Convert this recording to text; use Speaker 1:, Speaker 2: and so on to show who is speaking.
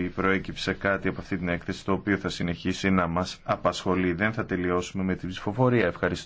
Speaker 1: ότι προέκυψε κάτι από αυτή την έκθεση το οποίο θα συνεχίσει να μας απασχολεί. Δεν θα τελειώσουμε με την ψηφοφορία. Ευχαριστώ.